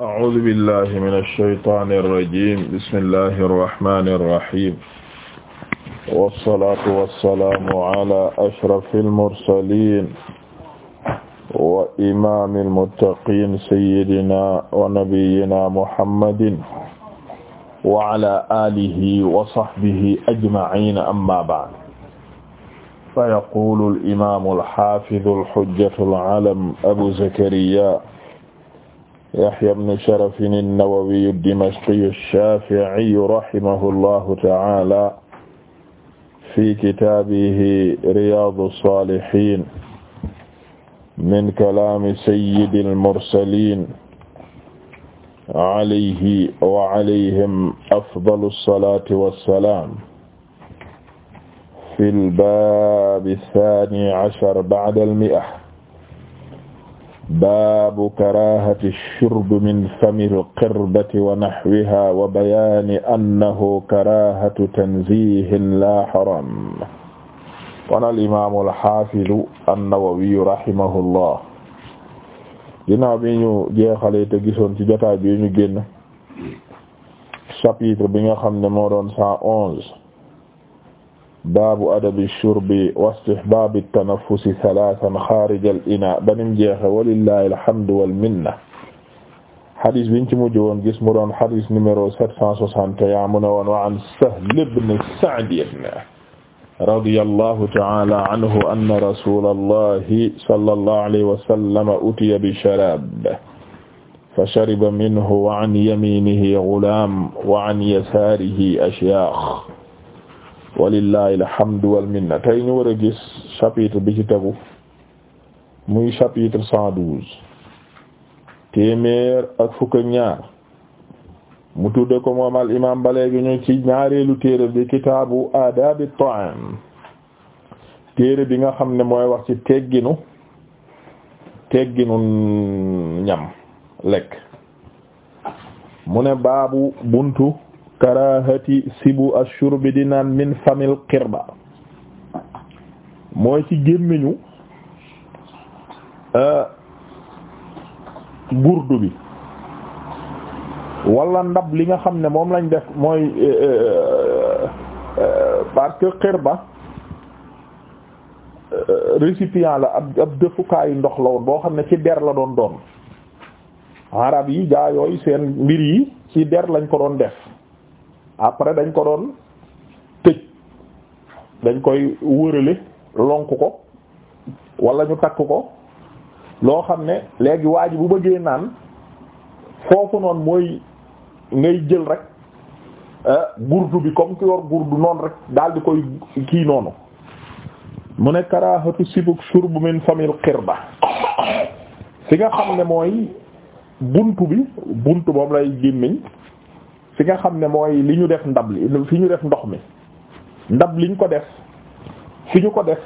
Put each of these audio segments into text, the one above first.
a'uuzu billahi mina shaytaani rajiim bismillahi rahmaani rahiim wassalaatu wassalaamu ala ashrafil mursaliin wa imaamil muttaqiin sayyidinaa wa nabiyyinaa muhammadin wa ala aalihi wa sahbihi ajma'iin ammaa ba'd fa yaquulu al imaamul haafizu al hujjatul alam abu zakariyaa Yahya ibn Sharaf an-Nawawi ad-Dimashqi ash-Shafi'i rahimahullahu ta'ala fi kitaabihi Riyaadu s-Saalihiin min kalaami sayyidil mursaliin alayhi wa alayhim afdalu s-salaati wa s-salaam fil baabi ath-thaani ashar ba'da al-mi'a baabu karaahati shurbi min famil qirbati wa naxwihaa wa bayaani annahu karaahatu tanziihin laa haram. qaala al-imaamu al-haafidu an-nawawiyu rahimahullah. ginnaaw bi ñu jeexalee te gisoon ci jotaay bi ñu génn chapitre bi nga xam ne moo doon cent onze. baabu adabi shurbi wa istihbaabi tanaffusi salaasan xaarijal inaa banim jeexe walillahi alhamdu wal minna. xadis biñ ci mujj woon gis mu doon xadis numéro sept cent soixante et un mu ne woon wa an Sahl ibn Sa'd radiyallahu ta'ala anhu anna rasulallahi sallallahu alayhi wa sallam utiya bi sharaab fa shariba minhu wa an yaminihi ghulaam wa an yasaarihi ashyaakh walillahi alhamdu wal minna tey ñu war a gis chapitre bi ci tegu muy chapitre cent douze téeméer ak fukk ñaar mu tudde ko moom al imam ba léegi ñu ci ñaareelu téere bi kitaabu adaabi ta'am téere bi nga xam ne mooy wax ci tegginu tegginu ñam lekk mu ne baabu buntu karahati sibu ashurbi di naan min famil qirba mooy ci gémmiñu gurdu euh, bi wala ndab li nga xam ne moom lañ def mooy euh, euh, parce que qirba récipient la ab ab dëfukaayu ndox la woon boo xam ne ci der la doon doon arab yi gaa yooyu seen mbir yi ci der lañ ko doon def après dañ ko doon tëj dañ koy wërale lonk ko walla ñu takk ko loo xam ne léegi waa ji bu bëggee naan foofu noon mooy ngay jël rek euh, gurdu bi comme ki yor gurdu noonu rek daal di koy kii noonu mu ne karahatu sibuk shurb min famil ba fi nga xam ne mooy bunt bi bunt moom lay gémmiñ fi nga xam ne mooy li ñu def ndab li fi ñu def ndox mi ndab liñ ko def fi ñu ko def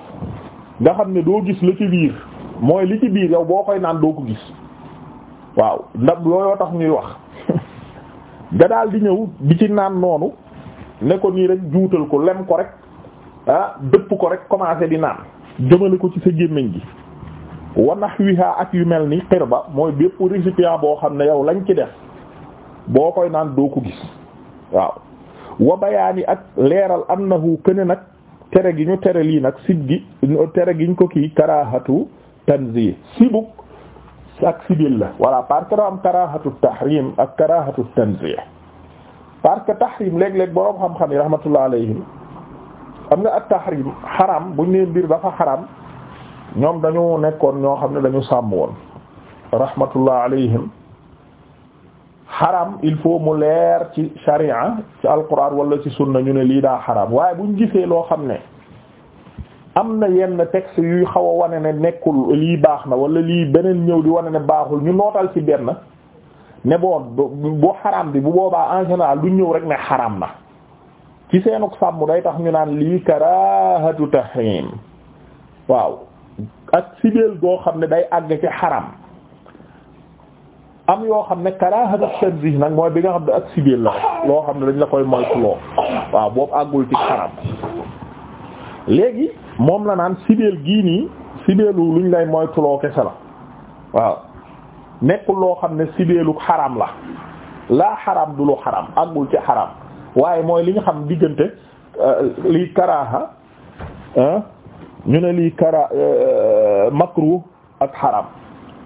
nga xam ne doo gis la ci biir mooy li ci biir yow boo koy naan doo ko gis waaw ndab yooyoo tax ñuy wax nga daal di ñëw di ci naan noonu ne ko nii rek juutal ko lem ko rek ah dëpp ko rek commencé di naan jëmale ko ci sa gémmiñ gi wanax wiha ak yu mel ni xir ba mooy bépp récipient boo xam ne yow lañ ci def boo koy naan doo ko gis waaw wa bayaani ak leeral annahu këne nag tere gi ñu tere lii nag sib gi tere gi ñu ko kii karahatu tanzih sibuk ak sibil la voilà parce que da tahrim ak karahatu tanzih parce que tahrim léeg-léeg boroom xam-xam yi rahmatullah alayhim am nga ak tahrim xaram buñ nee mbir dafa xaram ñoom dañu nekkoon ñoo xam ne dañu sàmm woon rahmatullah alayhim xaram il faut mu leer ci sharia ci alquran wala ci na ñu ne lii daa xaram waaye buñ gisee loo xam ne am na yenn texte yuy xaw a wane ne nekkul lii baax na wala lii beneen ñëw di wane ne baaxul ñu nootal ci benn ne bon boo xaram bi bu boobaa en général du ñëw rek ne xaram na ci seenuk sàmm day tax ñu naan lii karahatu tahrim waaw ak sibeel goo xam ne day àgg ci xaram am yoo xam ne karahatu tanzih nag mooy bi nga xam ne ak sibeel la rek loo xam ne dañ la koy moytuloo waaw boobu àggul ci xaram léegi moom la naan sibeel gii nii sibeelu luñ lay moytuloo kese la waaw nekkul loo xam ne sibeelu xaraam la laa xaraam du lu xaram àggul ci xaram waaye mooy li ñu xam diggante euh, lii karaha ñu ne lii kara euh, makruh ak xaram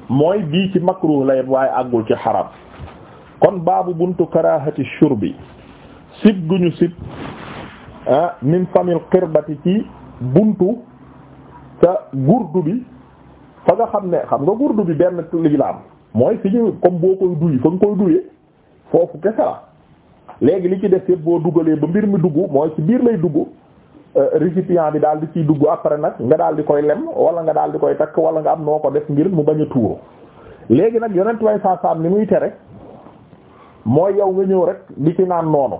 mooy bii ci makruh lay waaye àggul ci xaram kon baabu buntu karahati bi sib guñu sib ah min famil xirbati ci buntu ca gurdu bi fa nga xam ne xam nga gurdu bi benn ligi la am mooy fi ñu comme boo koy duy fa nga koy duyee foofu kese la léegi li ci def yëpp boo dugalee ba mbir mi dugg mooy ci biir lay dugg Euh, récipient bi daal di ciy dugg après nag nga daal di koy lem wala nga daal di koy takk wala nga am noo ko def ngir mu bañ a tuuru léegi nag yonent way saasaam ni muy tere mooy yow nga ñëw rek di ci naan noonu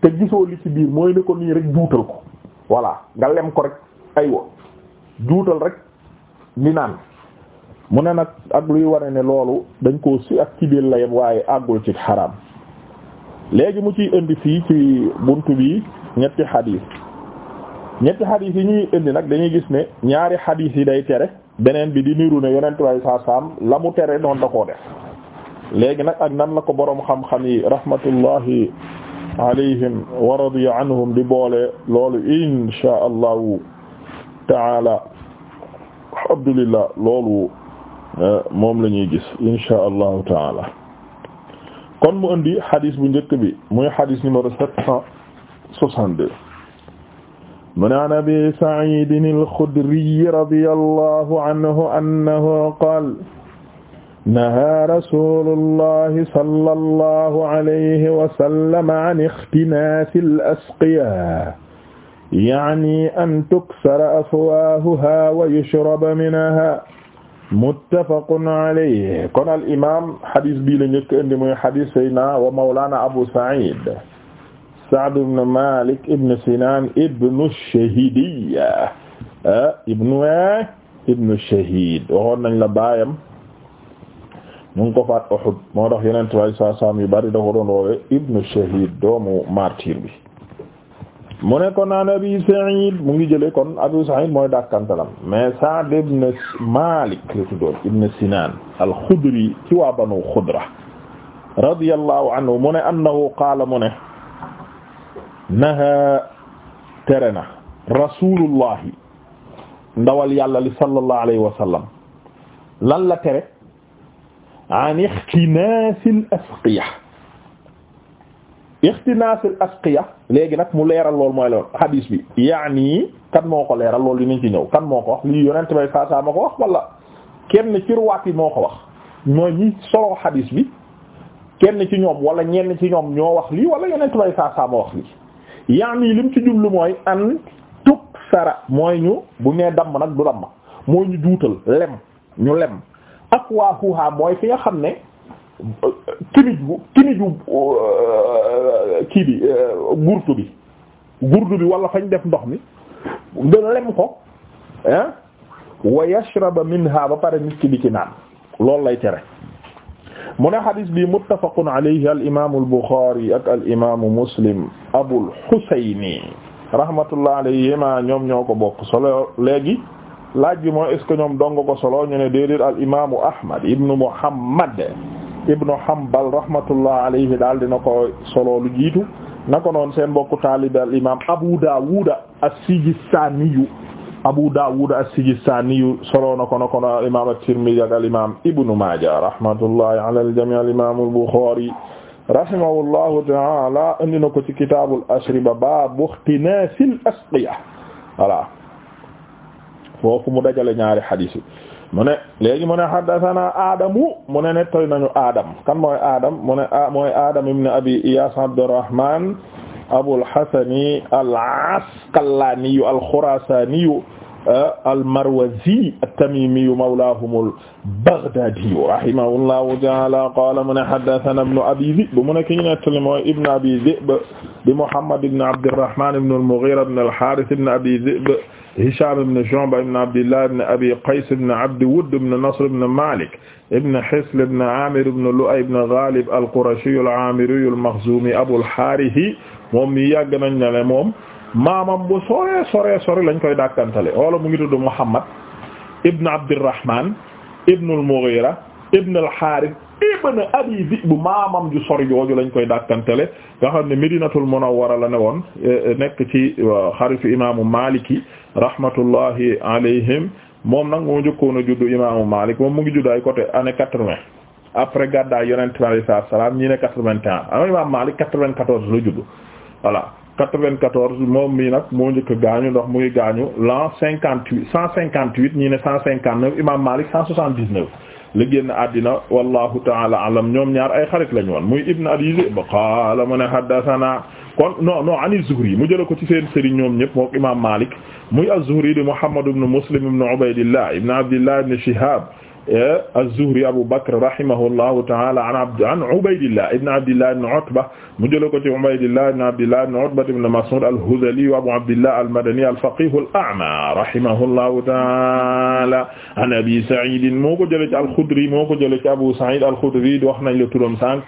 te gisoo li ci biir mooy ne ko nii rek juutal ko voilà nga lem ko rek aywa juutal rek ni naan mu ne nag ak luy wane ne loolu dañ koo si ak ci biir la yem waaye àggul ci xaraam léegi mu ci indi fii ci bunt bi ñetti xadiis ñetti xadis yi ñuy indi nag dañuy gis ne ñaari xadis yi day tere beneen bi di niru ne yonent way saa saam la mu tere noonu da koo def léegi nag ak nan la ko boroom xam-xam yi rahmatullahi alayhim wa radiya anhum di boole loolu inshaa allahu taala alhamdulillah loolu eh, moom la ñuy gis inshaa allahu taala kon mu indi xadis bu njëkk bi muy xadis numéro sept cent soixante-deux mu ne an abi saidin alxudriy radi allahu aanhu annahu qaal nahaa rasulu allahi sala allahu alayhi wasallam an ixtinaasi al asqiya yaani an tuksara afwaahuha wa yushraba minha muttafaqun alayhi kon al imam hadis bii la njëkk indi muy hadis sayna wa mawlaana abu said Sa'd ibn Malik ibn Sinan ibn Shahidiyya ah, ibnu ibnu Shahid waxoon nañ la baayam ñu ngi ko faat Uhud moo tax yeneen tubaab saa saam yu bari da ko doon woowe ibnu Shahid doomu martyr bi mu ne kon naan Abi Sa'id mu ngi jëlee kon Abu Sa'id mooy dàkkantalam mais Sa'd ibn Malik la tuddoon ibn Sinan al-Khudri ci waa Banu Khudra radiyallahu anhu mu ne annahu qaala mu ne naha tere na rasulullahi ndawal yàlla li sallallahu alayhi wa sallam lan la tere an ixtinaasil asqiya ixtinaasil asqiya léegi nag mu leeral lool mooy lool hadis bi yaani kan moo ko leeral lool li ñu ci ñëw kan moo ko wax lii yonent bay saasaa ma ko wax wala kenn ci ruwaat yi moo ko wax ñooy ñi solo hadis bi kenn ci ñoom wala ñenn ci ñoom ñoo wax lii wala yonent bay saasaa ma wax lii yaani lim ci jublu mooy an tuk sara mooy ñu bu nee damm nag du damm mooy ñu juutal lem ñu lem ak waa fuuhaa mooy fi nga xam ne kinij bu kinij bu euh, bi euh, gurtu bi gurtu bi wala fañ def ndox mi nga lem ko ah wa yashraba minha ba pare nit ki bi ci naan loolu lay tere mu ne xadis bi muttafaqun alayhi al imaamu al Buxaari ak al imaamu Muslim Abul Xusayni rahmatullah alayhima ñoom ñoo ko bokk solo léegi laaj bi moo est ce que ñoom dong ko solo ñu ne déedéet al imaamu Ahmad ibnu Muhammad ibnu Hanbal rahmatullah alayhi daal di dina ko solo lu jiitu naka noonu seen bokku taalibe al imaam Abu Daawuda as-Sijistaaniyu Abu Dawud as-Sijistani solo na ko na ko na imaam at-Tirmidhi ak al-imaam Ibn Maaja rahmatullahi al-jamii al-imaam al-Bukhari rahimahullahu ta'ala indi na ko ci kitaabul ashriba baabu ixtinaasil asqiya voilà foofu mu dajale ñaari xadiis yi mu ne léegi mu ne haddasanaa Adamu mu ne nettali nañu Adam kan mooy Adam mu ne ah, Adam ibn Abi Iyaas Abdurrahmaan Abul Hasani al-Asqalani al-Khurasani al-Marwazi at-Tamimi mawlahum al-Baghdadi rahimahullahu ta'ala qala mu ne haddathana ibnu Abi Dhi'b mu ne ki ñu nettali mooy ibnu Abi Dhi'b di Muhammad ibn Abdirrahman ibn al-Mughira ibn al-Harith ibn Abi Dhi'b Hisham ibn Shu'ba ibn Abdillah ibn Abi Qays ibn Abd Wudd ibn Nasr ibn Malik ibn Hisl ibn Amir ibn Lu'ay ibn Ghalib al-Qurashi al-Amiri al-Makhzumi Abul Harith moom mii yàgg nañ ne le moom maamam bu sore sore sore lañ koy dàkkantale wala mu ngi tudd Muhammad ibn Abdirrahman ibn al-Mughira ibn al-Harith ibn Abi Dhi'b maamam ju sori jooju lañ koy dàkkantale nga xam ne Madinatul Munawwara la ne woon eh, eh, nekk ci eh, xaritu imaamu Maliki rahmatullahi alayhim moom nag moo njëkkoon a juddu imaamu Malik moom mu ngi judd ay côté année quatre-vingt après gàddaay Yonent bi sallallahu alayhi wasallam ñi ne quatre-vingt-un am imaamu Malik quatre-vingt-quatorze la juddu voilà 94 moom mii nag moo njëkk gaañu ndax mu ngi gaañu l'an 58 158 ñii ne 159 imam Malik 179 la génn àddina wallahu taala alam ñoom ñaar ay xarit lañu woon muy Ibn Abi Zi'b qaala mu ne haddathana kon non non ani Zuhri mu jël ko ci seen sëriñ ñoom ñëpp mook imam Malik muy az-Zuhri di Muhammad ibn Muslim ibn Ubaydillah ibn Abdillah ibn Shihab Eh, az-Zuhri Abu Bakr rahimahullahu ta'ala an abd an Ubaydillah ibn Abdillah ibn Utba mu jël ko ci Ubaydillah ibn Abdillah ibn Utba ibn Mas'ud al-Hudhali wa Abu Abdillah al-Madani al-faqih al-a'ma rahimahullahu ta'ala an Abi Sa'id moo ko jëlee ci al-Khudri moo ko jëlee ci Abu Sa'id al-Khudri wax nañ la turam sànq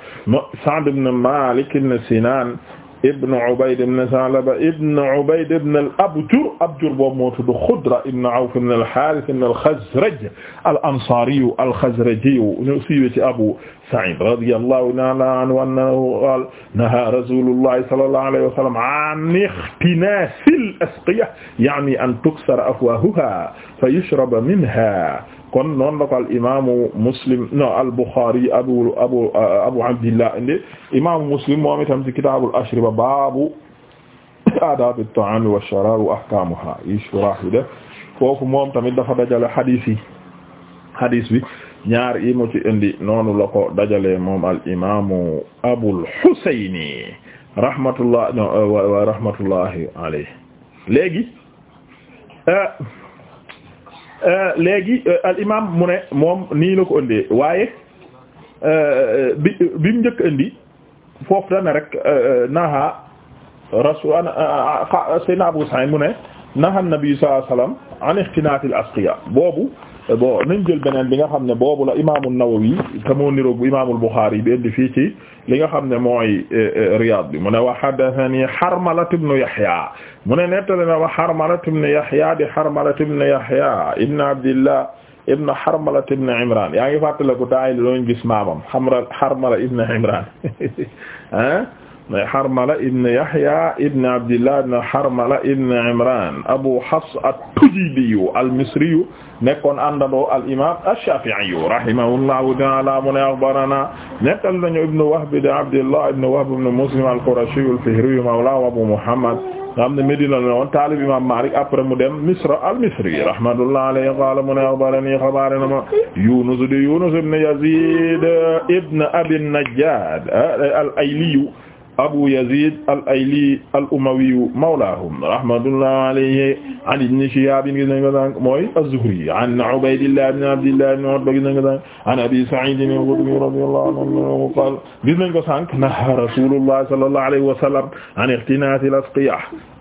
Sa'd ibn Malik ibn Sinan ibn Ubayd ibn Sa'laba ibn Ubayd ibn al-Abjar Abjar boobu moo tudd Xudra ibn Awf ibn al-Haaris ibn al-Xazraj al-Ansaari al-Xazraji ñu siiwee ci Abu Sa'iid radiyallahu ta'aala anhu annahu qaala nahaa rasuulullahi sallallahu alayhi wa sallam an ikhtinaasil asqiya ya'nii an tuksara afwaahuhaa fa yushraba minhaa kon noon la ko al imaamu muslim no al buxaari abu abu abu abdillah indi muslim moom itam ci kitaabul ashriba baabu aadaabi at-ta'aami wash-sharaab wa ahkaamuhaa yi shuraax foofu moom tamit dafa dajale xadiis yi xadiis bi ñaar yi mu ci al imaamu abul xusayni rahmatullah wa rahmatullahi alayhi eh, Euh, léegi euh, al imam mu ne moom nii la ko ëndee waaye euh, bi bi mu njëkk indi foofu dana rek naha rasul sayna Abu Sa'id mu ne naha nabi sallallahu alayhi wasallam an ixtinaat al asqiya boobu bon nañ jël beneen bi nga xam ne boobu la imaamu Nawawi te moo niroo bu imaamul Buxaari bi indi fii ci li nga xam ne mooy eh, eh, Riyaad bi mu ne wa haddathanii Harmala ibn Yahya mu ne nettali na wa Harmala ibn Yahya di Harmala ibn Yahya ibn Abdillah ibn Harmala ibn Imran yaa ngi fàttaliku daay la doon gis maamam Harmala ibn Imran ah Harmala ibn Yahya ibn Abdillah ibn Harmala ibn Imran Abu Hafs at-Tujibi al-Misri nekkoon àndandoo al-Imam ash-Shafi'i rahimahullahu ta'ala mu ne akhbarana nettal nañu ibn Wahb di Abdillah ibn Wahb ibn Muslim al-Qurashi al-Fihri mawla Abu Muhammad nga xam ne Medina la woon taalib Imam Malik après mu dem Misra al-Misri rahmatullahi alayhi qala mu ne akhbarani khabarana ma Yunus di Yunus ibn Yazid ibn Abi an-Najjad al-Ayli abu yazid al ayli al umawiyu mawlaahum rahmatullah alayhi an ibn shihab gis nañ ko sànq mooy az-zuhri an ubaydillah ibn abdillah ibn utba gis nañ ko sànq an abi sa'id al-khudri radiyallahu anhu qaal gis nañ ko sànq naha rasulullah sallallahu alayhi wa sallam an ightinas al-asqiyah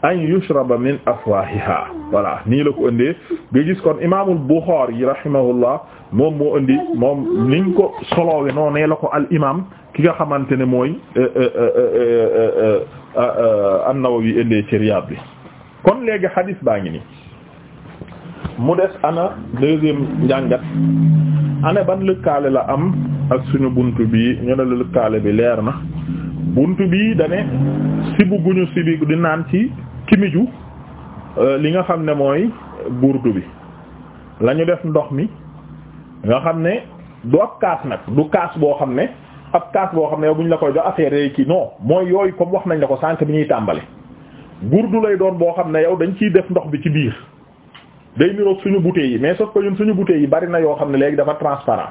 an yushraba min afwahiha voilà nii la ko ëndee nga gis kon imam al-bukhari rahimahullah moom moo indi moom niñ ko soloowe noonu la ko al imam ki nga xamante ne mooy euh, euh, euh, an-Nawawi indee ci Riyad bi kon léegi xadis baa ngi nii mu des ana deuxième njàngat ana ban lëkkaale la am ak suñu bunt bi ñu ne lëkkaale bi leer na bunt bii dane sibu guñu sibi di naan ci kimiju li nga xam ne mooy burdu bi lañu def ndox mi nga xam ne du ab kaas nag du kaas boo xam ne ab kaas boo xam ne yow bu ñu la koy jox affaire yi kii non mooy yooyu comme wax nañ la ko sànq bi ñuy tàmbali tàmbale du lay doon boo xam ne yow dañ ciy def ndox bi ci biir day niroog suñu bouteilles yi mais sauf que ñun suñu bouteilles yi bari na yoo xam ne léegi dafa transparent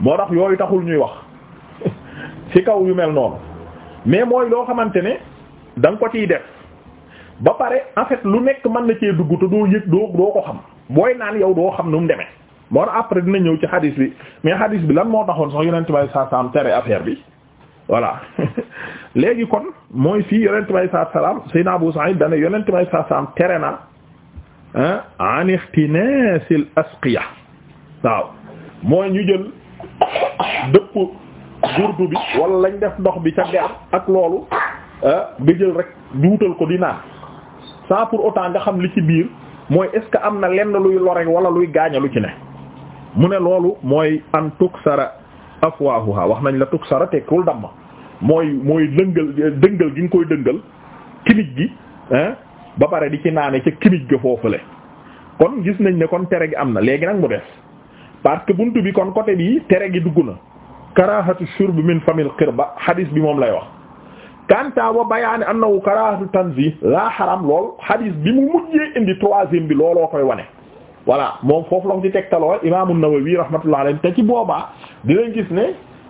moo tax yooyu taxul ñuy wax ci kaw yu mel noonu mais mooy loo xamante ne da nga ko ciy def ba pare en fait lu nekk mën na cee dugg te doo yëg doo doo ko xam booy naan yow doo xam nu mu demee. moo après dina ñëw ci hadis bi mais hadis bi lan moo taxoon sax yonent bay saa saam tere affaire bi voilà léegi kon mooy fii yonent bay saa salaam Seydina Abu Sa'id dane yonent bay saa saam tere na an ixtinaasil waaw mooy ñu jël dëpp gurdu bi wala lañ def ndox bi ca der ak loolu nga jël rek duutal ko di naan sans pour autant nga xam li ci biir mooy est-ce que am na lenn luy lore wala luy lu ci ne mu ne loolu mooy an tuksara afwahuha wax nañ la tuksara tekkiwul damm mooy mooy dëngal dëngal gi nga koy dëngal kimij gi ba pare di ci naane ca kimij ga foofule kon gis nañ ne kon tere gi am na léegi nag mu des parce que buntu bi kon côté bi tere gi dugg na karahatu shurb min famil qirba hadis bi moom lay wax kanta wa bayaani annahu karahatu tanzih la haram lool hadis bi mu mujjee indi troisième bi looloo koy wane voilà moom foofu la ko ci tegtaloo Imaam An-Nawawi rahmatullahi alayhi te ci boobaa dinañ gis ne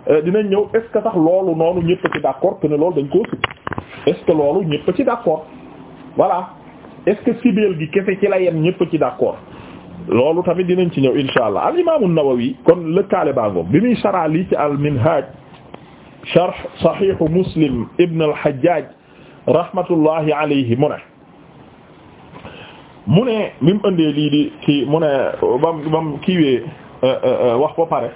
euh, dinañ ñëw est que sax loolu noonu ñëpp ci d'accord que ne dañ koo sib est que loolu ñëpp ci d'accord voilà est ce que sibeel gi kese ci la yem ñëpp ci d'accord loolu tamit dinañ ci ñëw insha allah al Imaam An-Nawawi kon lëkkaale baangoom bi muy saraa lii ci al-Minhaj sharh Sahih Muslim ibn al-Hajjaj rahmatullahi alayhi mu ne mu ne mi mu lii di kii mu ne bam bam kiiwee euh, euh, euh, wax ba pare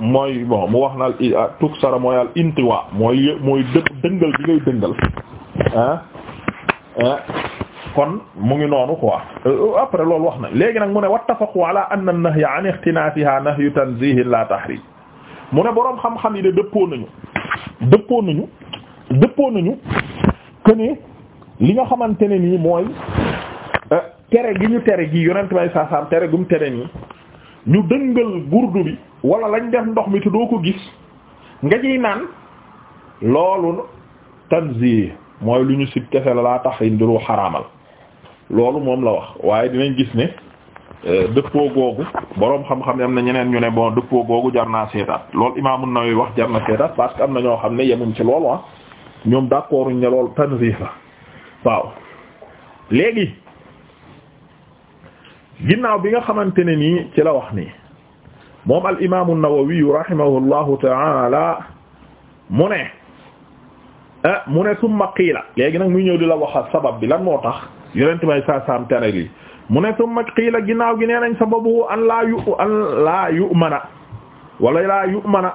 mooy bon mu wax na al tuksara mooy al intiwa mooy mooy dëngal bi ngay dëngal ah ah kon mu ngi noonu quoi après loolu wax na léegi nag mu ne wattafaqu ala anna an-nahya an ixtinaafiha nahyu tanzihin la tahrim mu ne boroom xam-xam yi de dëppoo nañu dëppoo nañu dëppoo nañu li nga xamante ne nii mooy euh, tere gi ñu tere gi yonent bay saasaam tere gum tere nii ñu dëngal burdu bi wala lañu def ndox mi te doo ko gis nga ciy naan loolu tanzih mooy lu ñu sib kese la laa tax indi lu xaraamal loolu moom la wax waaye dinañ gis ne euh, dëppoo googu boroom xam-xam ne am na ñeneen ñu ne boo dëppoo googu jar naa seetaat loolu Imaam An-Nawawi wax jar na seetaat parce que am na ñoo xam ne yemuñ ci loolu ah ñoom d'accorduñ ne loolu tanzih la waaw léegi ginnaaw bi nga xamante ne nii ci la wax nii moom al imaamu an-Nawawi rahimahullahu ta'ala mu ne ah, mu ne summa qiila léegi nag muy ñëw di la waxa sabab bi lan moo tax yonent may saa saam tere lii mu ne summa qiila ginnaaw gi nee nañ sababu an laa yu an laa yu'mana wala laa yu'mana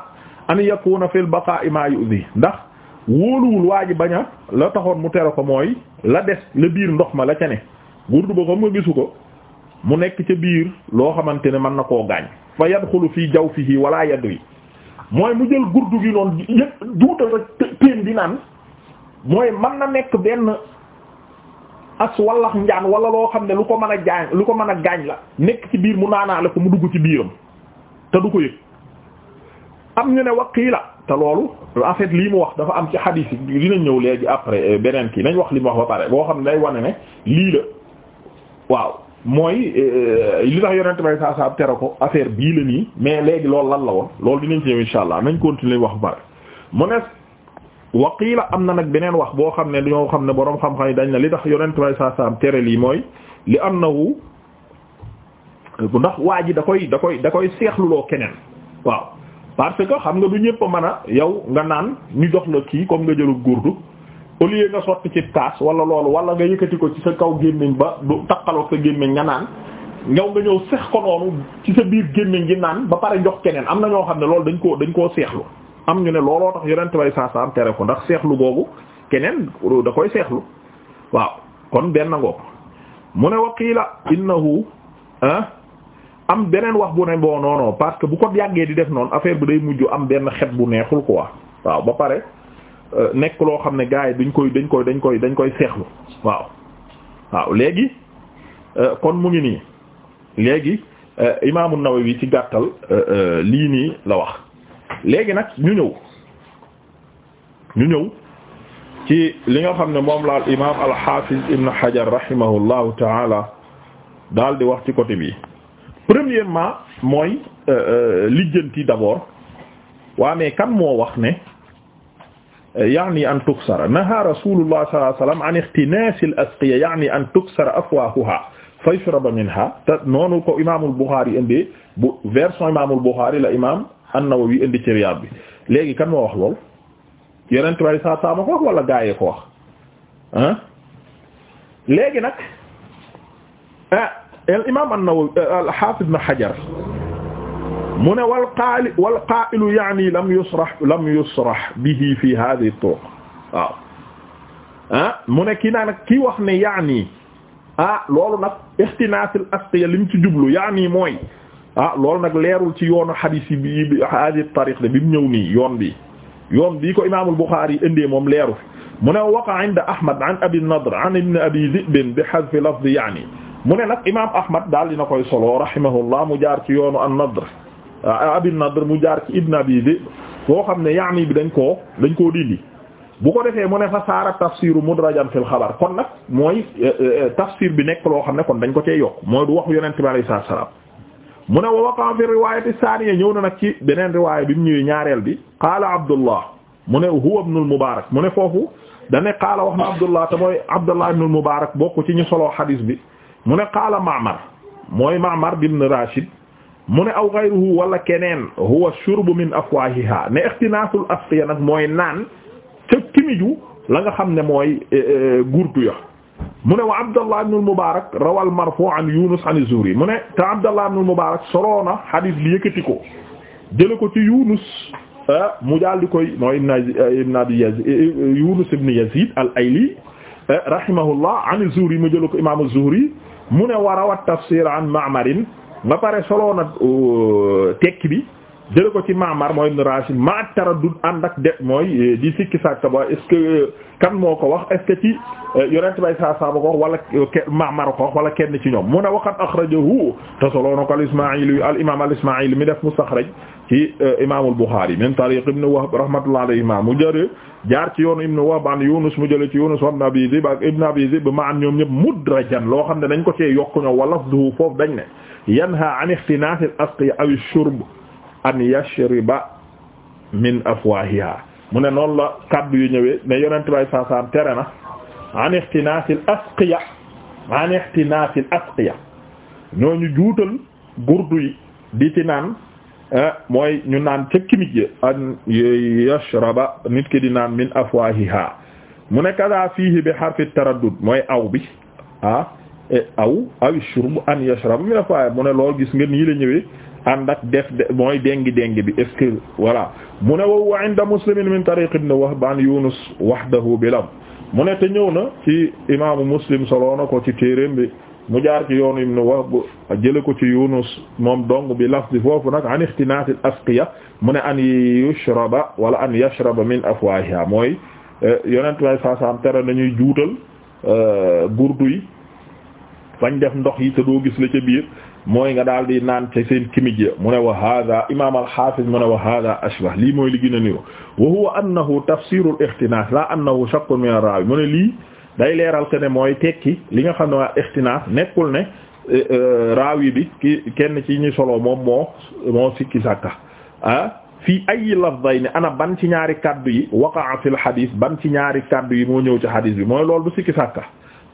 an yakuna fil baqaa'i maa yu'dhi ndax wóoluwul waa ji bañ a la taxoon mu tere ko mooy la des la biir ndox ma la ca ne gurdu ba comme nga gisu ko mu nekk ca biir loo xamante ne mën na koo gaañ fa yadxulu fii jawfihi wala yadri mooy mu jël gurdu gi noonu yëpp duutal rek teen di naan mooy man na nekk benn as wallax njaan wala loo xam ne lu ko mën a lu ko mën a gaañ la nekk ci biir mu naanaa la ko mu dugg ci biiram te du ko yëg am ñu ne waqila te loolu en lii mu wax dafa am ci xadiis yi dinañ ñëw léegi après euh, beneen kii nañ wax li mu wax ba pare boo xam ne day wane ne lii la waaw mooy euh, li tax yonent bay saa saa tere ko affaire bii la nii mais léegi lool lan la woon loolu dinañ ci ñëw insha allah nañ continuer wax ba pare mu ne waqiila am na nag beneen wax boo xam ne dañoo xam ne boroom xam-xam yi dañ na li tax yonent bay saa saa tere lii mooy li am na wu ndax waa ji da koy da koy da koy seexluloo keneen waaw parce que xam nga du ñëpp a mën a yow nga naan ñu jox la kii comme nga jëlub gurdu au lieu nga sotti ci taas wala loolu wala nga yëkkati ko ci sa kaw gémmiñ ba du taqaloo sa gémmiñ nga naan ngaw nga ñëw seex ko noonu ci sa biir gémmiñ gi naan ba pare jox keneen am na ñoo xam ne loolu dañ koo dañ koo seexlu am ñu ne looloo tax yonent bay saasaam tere ko ndax seexlu googu keneen da koy seexlu waaw kon benn ngoog mu ne waqiila innahu ah am beneen wax bu ne bon non parce que bu ko yàggee di def noon affaire bu day mujj am benn xet bu neexul quoi waaw ba pare euh, nekk loo xam ne gars yi dañ koy dañ koy dañ koy dañ koy seexlu waaw. waaw léegi euh, kon mu ngi nii léegi nawe euh, Nawawi ci gàttal lii nii la wax léegi nag ñu ñëw ñu ñëw ci li ñoo xam ne moom la al imaam al-Hafiz Ibn Hajar rahimahullahu taala daal di wax ci côté bii premièrement mooy euh, euh, lijjanti d'abord waa mais kan moo wax ne euh, yaani an tuksara naha rasulullah sallallahu alayhi wasallam an ikhtinas al yaani an tuksara afwahuha fa yushraba minha te noonu ko Bukhari indee bu version imaamul Bukhari la imaam an indi ci bi léegi kan moo wax lool yeneen tubaab saa saa wax wala gaa yee ko wax ah. al imaam an-Nawawi euh, al haafid ibn Hajar mu ne wal qaali wal qaa'ilu yaani lam yusrah lam yusrah bihi fi haadhihi turuq waaw ah mu ne kii naan kii wax ne yaani ah loolu nag ixtinaas al asqiya li mu ci jublu yaani mooy ah loolu nag leerul ci yoonu xadiis yi bi haadhihi tariq de bi mu ñëw nii yoon bi yoon bii ko imaamul Buxaari indee moom leeru mu ne waqa inda Ahmad an Abi Nadr an ibn Abi Dhi'b bi hadfi lafzi yaani mu ne nag imaam Ahmad daal dina koy solo rahimahullah mu jaar ci yoonu an-Nadr ah, Abi an-Nadr mu jaar ci Ibn Abi bi boo xam ne yaani bi dañ koo dañ koo dindi bu ko defee mu ne fa saara tafsiru mudrajan fil xabar kon nag mooy eh, eh, eh, tafsir bi nekk loo xam ne kon dañ ko cee yokk mooy du waxu yonent bi alayhi salaam mu ne wa waqa fi riwaayati saaniya ñëw na nag ci beneen riwaaya bi mu ñëwee ñaareel bi qaala Abdullah mu ne huwa ibnul Mubaarak mu ne foofu dane qaala wax na Abdullah te mooy Abdullah ibnul Mubaarak bokk ci ñu solo xadiis bi mu ne qaala Ma'mar mooy Ma'mar ibn Rashid mu ne aw ghayruhu wala keneen huwa shurbu min afwahiha ne ixtinaasul asqiya nag mooy naan ca kimiju la nga xam ne mooy e, e, gurtu ya mu ne wa Abdallah ibn al-Mubarak rawal marfu' an Yunus an az-Zuhri mu ne te Abdallah ibn al-Mubarak soroona hadis bi yëkkati ko jële ko ci Yunus ah, mu daal di koy mooy ibn Abi Yazid Yunus ibn Yazid al-Ayli Eh, rahimahullah an Zuhri mu jëlu ko imaamu Zuhri mu ne waraw at tafsir an Ma'mar ba pare solo na uh, tekki bi. jële ko ci Ma'mar mooy ibn Rashid ma taraddud ànd ak det mooy eh, di sikki sàkka ba est euh, kan moo ko wax est-ce que ci bay saa saa ko wax wala euh, Ma'mar ko wala kenn ci ñoom mu ne waqad akhrajahu te solo na ko al Isma'ili al imam al Isma'ili mi def mustakhraj ci euh, imam al Bukhari min tariq ibn Wahb rahmatullah alayhi ma mu jëre jaar ci yoonu ibn Wahb an Yunus mu jële ci Yunus ibn Abi Dhib ak ibn Abi Dhib ma'an ñoom ñëpp mudrajan loo xam ne dañ ko ci yokk ñoom wa lafduhu foofu dañ ne yanha an ikhtinaf al asqiya aw an yashriba min afwahiha mu ne noonu la kaddu yu ñëwee ne yonent bay saasaam tere na an ixtinaafil asqiya an ixtinaafil juutal gurdu yi di naan eh, mooy ñu naan ca kimij ya an yashraba nit ki di naan min afwahiha mu ne kada fiihi bi harfi taraddud mooy aw bi ah eh, aw aw shurb an yashraba min afwahiha mu ne lool gis nga nii la ànd ak def mooy déngi déngi bi est-ce voilà mu ne wa huwa inda muslimin min tariq ibn wahb an yunus wahdahu bilam mu ne te ñëw na ci imaamu muslim soloo na ko ci téeréem bi mu jaar ci yoonu ibn wahb jële ko ci yunus moom dong bi lafzi foofu nag an ixtinaat al mu ne an yushraba wala an yashraba min afwahiha mooy eh, yonent may saasaam tere nañuy juutal gurdu eh, yi bañ def ndox yi te doo gis la biir mooy nga daal di naan ca seen kimij ya mu ne wa hada imam al-hafiz mu ne wa hada ashbah lii mooy li gën a niro wa huwa annahu tafsiru al-ixtinaas la annahu shakkun min ar-raawi mu ne lii day leeral ke mooy tekki li nga xam ne waa ixtinaas nekkul ne eh, eh, raawi bi ki kenn ci ñu solo moom moo moo sikki sàkka ah fii ay lafzayni ana ban ci ñaari kaddu yi waqa'a fil hadith ban ci ñaari kaddu yi moo ñëw ci hadith bi mooy loolu du sikki sàkka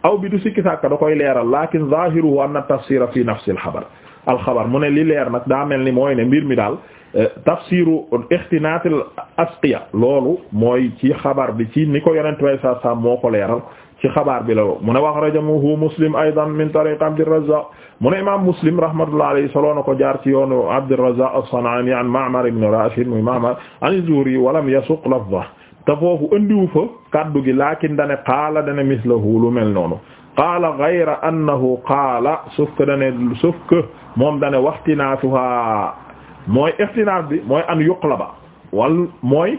aw bi du sikki sàkka da koy leeral lakin zahiruhu anna tafsira fi nafsi alxabar alxabar mu ne li leer nag daa mel ni mooy ne mbir mi daal eh, tafsiru ixtinaat al asqiya loolu mooy ci xabar bi ci ni ko yonent way sa sa moo ko leeral ci xabaar bi la wo mu ne wax rajamuhu muslim aydan min tariq abdirazaq mu ne imam muslim rahmatullah alayhi soloo na ko jaar ci yoonu abdirazaq as-san'ani an ma'mar ibn rashid muy ma'mar an zuhri wa lam yasuq lafzahu te foofu indiwu fa kaddu gi laakin dane qaala dane mislahu lu mel noonu qaala ghayra annahu qaala sauf que dane sauf que moom dane waxtinaatuha mooy ixtinaat bi mooy an yuqlaba wal mooy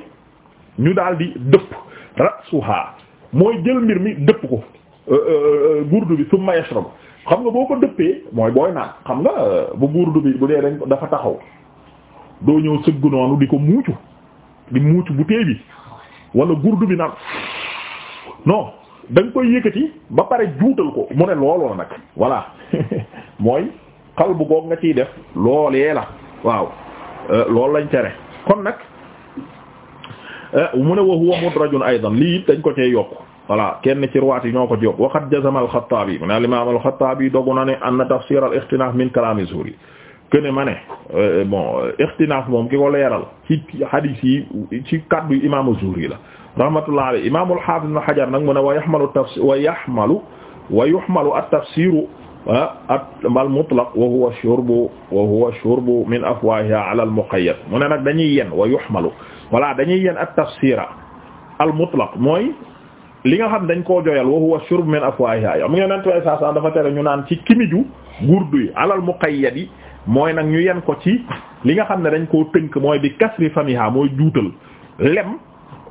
ñu daal di dëpp rasuha mooy jël mbir mi dëpp ko gurdu euh, euh, euh, bi summa yashrabu xam nga boo ko dëppee mooy booy naan xam nga bu gurdu bi bu dee dañ dafa taxaw doo ñëw sëgg noonu di ko muucu di muucu bu tee bi wala gurdu bi naan non da nga koy yëkkati ba pare juutal ko mu ne looloo nag voilà mooy xal bu goog nga ciy def loolee la waaw euh, loolu lañ tere kon nag euh, mu ne wa huwa mudrajun aydan lii dañ ko cee yokk voilà kenn ci ruwaat yi ñoo ko ci yokk waqad jazama al-Xattaabi mu ne al-imaam dogu na ne anna tafsiir al min kalaam az këne ma ne euh, bon euh, ixtinaaf moom ki ko leeral ci hadith yi ci kaddu yi imaamu Zuhri la rahmatullah alayhi imaamul haafiz ibn Hajar nag mu ne wa yahmalu tafsir wa yahmalu wa yuhmalu at-tafsiru ah, al mutlaq wa huwa shurbu wa huwa shurbu min afwaahiha ala al muqayyad mu ne nag dañuy yen wa yuhmalu wala dañuy yen at-tafsira al mutlaq mooy li nga xam dañ koo joyal wa huwa shurb min afwahiha am ngeen neentu way saasan dafa tere ñu naan ci kimiju gurdu yi alal muqayyad yi mooy nag ñu yen ko ci li nga xam ne dañ koo tënk mooy bi kasri famiha mooy juutal lem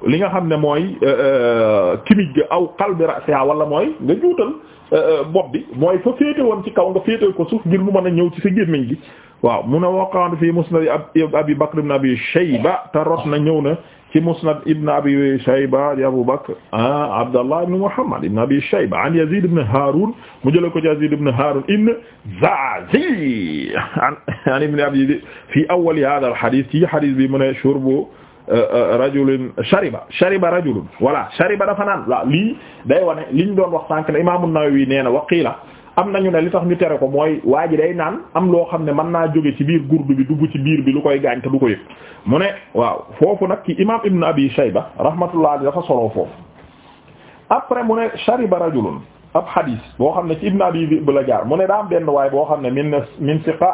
li nga xam ne mooy euh, euh, kimij ga aw qalbi wala mooy nga juutal euh, bopp bi mooy fa woon ci kaw nga féetal ko suuf ngir mu mën a ñëw ci sa gémmiñ gi waaw mu ne waqaan fii musnad abi bakr ibn abi shayba te rot na ñëw na ci musnad ibn abi shayba di abu bakr ah, abdallah ibn muhammad ibn abi shayba an yazid ibn harun mu jële ko ci yazid ibn harun ibn zazi an ibn abi fi awwal hadha al hadith ci hadith bi mu ne shurbu eh, eh, rajulin shariba shariba rajulun voilà shariba dafa naan waaw lii day wane liñ doon wax sànq ne imam an-nawawi nee na waqila am nañu ne li tax ñu tere ko mooy waa ji day naan am loo xam ne mën naa jóge ci biir gurdu bi dugg ci biir bi lu koy gaañ te du ko yëg mu ne waaw foofu nag ki imam ibn abi shayba dafa soloo foofu mu ne shariba rajulun ab hadis boo xam ne ci ibn abi bi la jaar mu ne daa am benn waay boo xam ne min min siqa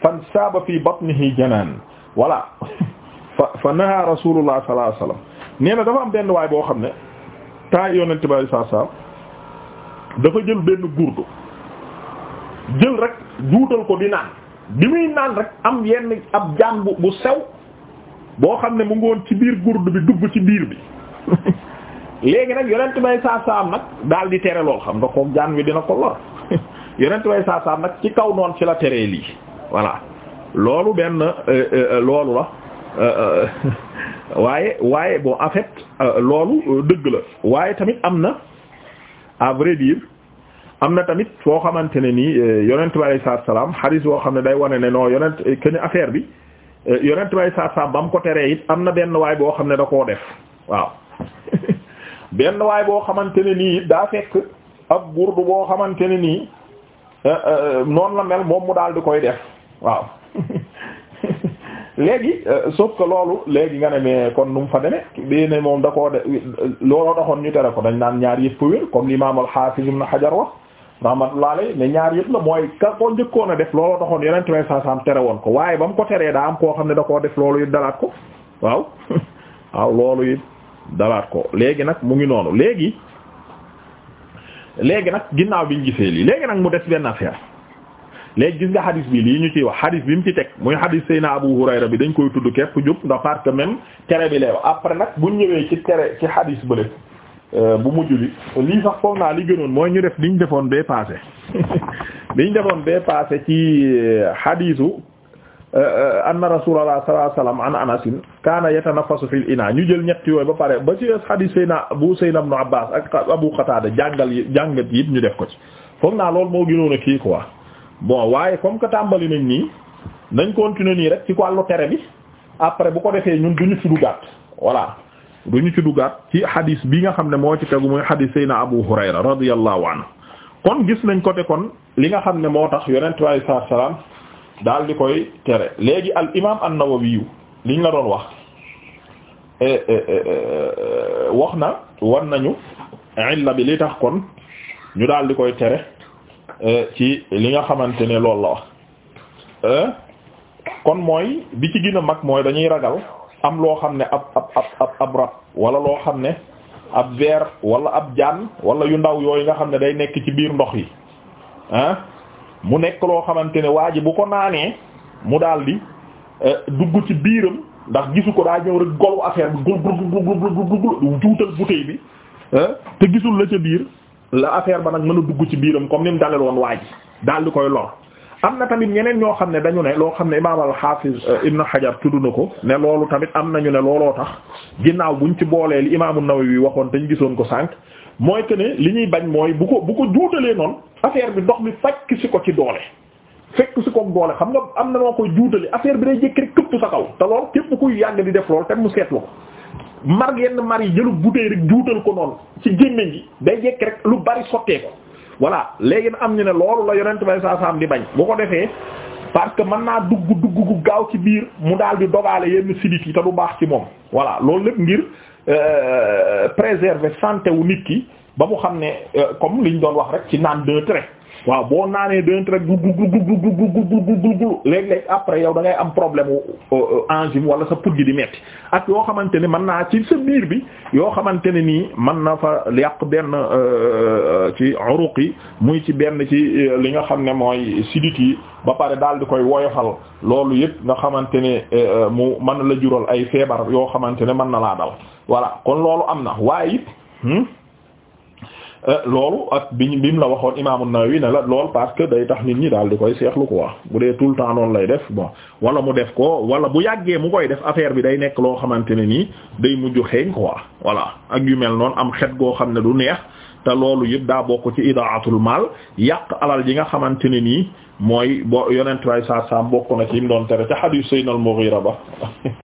fan saaba fi batnihi janaan voilà fa fa naha rasulullah sallallahu alayhi wasallam nee na dafa am benn waay boo xam ne temps yonente bi sallallahu alayhi wasallam dafa jël benn gurdu jël rek juutal ko di naan bi muy naan rek am yenn ab jaan bu bu sew boo xam ne mu ngi woon ci biir gurdu bi dugg ci biir bi léegi nag yonent bay saa saam nag daal di tere lool xam nga kook jaan wi dina ko lor yonent bay saa saam nag ci kaw noonu ci la tere lii voilà loolu benn euh, euh, euh, loolu la waaye waaye bon en loolu dëgg la waaye tamit am na à vrai am na tamit foo xamante ne nii eh, yonent bi alayhi boo xam ne day wane ne non yonent eh, kenn affaire bi eh, yonent bi alayhi salaatu salaam am na benn waay boo xam ne da koo def waaw waay boo xamante ne nii daa fekk ab boo xamante ne nii noonu la mel moom mu daal di koy def waaw léegi sauf que loolu léegi nga ne mais kon nu mu fa demee bii ne moom da koo de looloo taxoon ñu tere ko dañ naan ñaar yëpp wér comme l'imam al-Hafiz Ibn Hajar wax rahmatullahi alayhi ne ñaar yëpp la mooy ka ko njëkkoon a def looloo taxoon yeneen trois cent cent tere woon ko waaye ba mu ko teree daa am koo xam ne da ko def loolu it dalaat ko waaw waaw loolu it dalaat ko léegi nag mu ngi noonu léegi léegi nag ginnaaw bi ñu gisee lii léegi nag mu des benn a affaire léegi gis nga xadis bi lii ñu ciy wax xadis bi mu ci teg muy xadis Seyna Abu Hurayra bi dañ koy tudd képp jub ndax parce que même tere bi lay wax après nag buñ ñëwee ci tere ci xadis bële Euh, bu mujj bi lii sax foog naa li gënoon mooy ñu def liñ defoon bee passé liñ defoon bee passé ci xadiisu euh, euh, anna rasulallah sallallahu alayhi wasallam an anasin kaana yatanafasu fil ina ñu jël ñett yooyu ba pare ba ci xadiis sayna bu sayna ibn abbas ak abu qatada jàngal yi jàngat yi ñu def ko ci foog naa lool moo gënoon a kii quoi bon waaye comme que tàmbali nañ nii nañ continuer nii rek ci wàllu tere bi après bu ko defee ñun duñu fi du gàtt voilà du ñu ci duggaat ci hadis bi nga xam ne moo ci tegu muy hadis sayna Abu Hurayra radiyallahu anhu kon gis nañ côté kon li nga xam ne moo tax yonent bi alayhi salaatu salaam daal di koy tere léegi al imaam an-Nawawi liñ la doon wax eh, eh, eh, wax na wan nañu illa bi li tax kon ñu daal di koy tere ci li nga xamante ne loolu la wax kon mooy bi ci gën mag mooy dañuy ragal am loo xam ne ab ab ab ab rab wala loo xam ne ab verre wala ab jaan wala yu ndaw yooyu nga xam ne day nekk ci biir ndox yi ah mu nekk loo xamante ne waa ji bu ko naanee mu daal di eh, dugg ci biiram ndax gisu ko daa ñëw rek golu affaire bi gul gul gul juutal bouteille bi eh, te gisul la ca biir la affaire ba nag mën a dugg ci biiram comme ni mu daleloon waa ji daal di koy lor am na tamit ñeneen ñoo xam ne dañu ne loo xam ne imaam al-Hafiz euh, Ibn Hajar tudd na ko ne loolu tamit am nañu ne looloo tax ginnaaw buñ ci boolee li imaam an-Nawawi waxoon te ñu gisoon ko sànq mooy que ne li ñuy bañ mooy bu ko bu ko juutalee noon affaire bi ndox mi fekk si ko ci doole fekk si ko doole xam nga am na noo koy juutale affaire bi day jékki rek këpp sa kaw te lool képp kuy yàgg di def lool te mu seetlu ko mar yenn mar yi jëlu bouteille rek juutal ko noonu ci gémmiñ gi day jékki lu bari sottee voilà léegi na am ñu ne loolu la yonent bay saa saam di bañ boo ko defee parce que mën naa dugg dugg gu gaaw ci biir mu daal di dogale yenn sidit yi te du baax ci moom voilà loolu lépp ngir euh, préserver santé wu nit ki ba mu xam ne euh, comme li ñu doon wax rek ci naan de waaw boo naanee dent gu gu gu gu gu gu gu léeg après yow da ngay am problème angine wala sa put gi di metti ak yoo xamante ne mën naa ci sa biir bi yoo xamante ne nii man na fa yàq benn ci uruq yi muy ci benn ci li nga xam ne mooy sidit yi ba pare daal di koy woyofal loolu yëpp nga xamante ne mu mën na la jural ay feebar yoo xamante ne mën na laa dal voilà kon loolu am na waaye it Euh, loolu ak bi bi mu la waxoon imaamu Nawawi ne la lool parce que day tax nit ñi daal di koy seexlu quoi bu dee tout le temps noonu lay def bon wala mu def ko wala bu yàggee mu koy def affaire bi day nekk loo xamante ne nii day mujj xeeñ quoi voilà ak yu mel noonu am xet goo xam ne du neex te loolu yëpp daa bokk ci idaatul maal yàq alal ji nga xamante ne nii mooy bo yonent way saa saa bokk na ci mu doon tere ca xadiis Sayyidina al-Mughira ba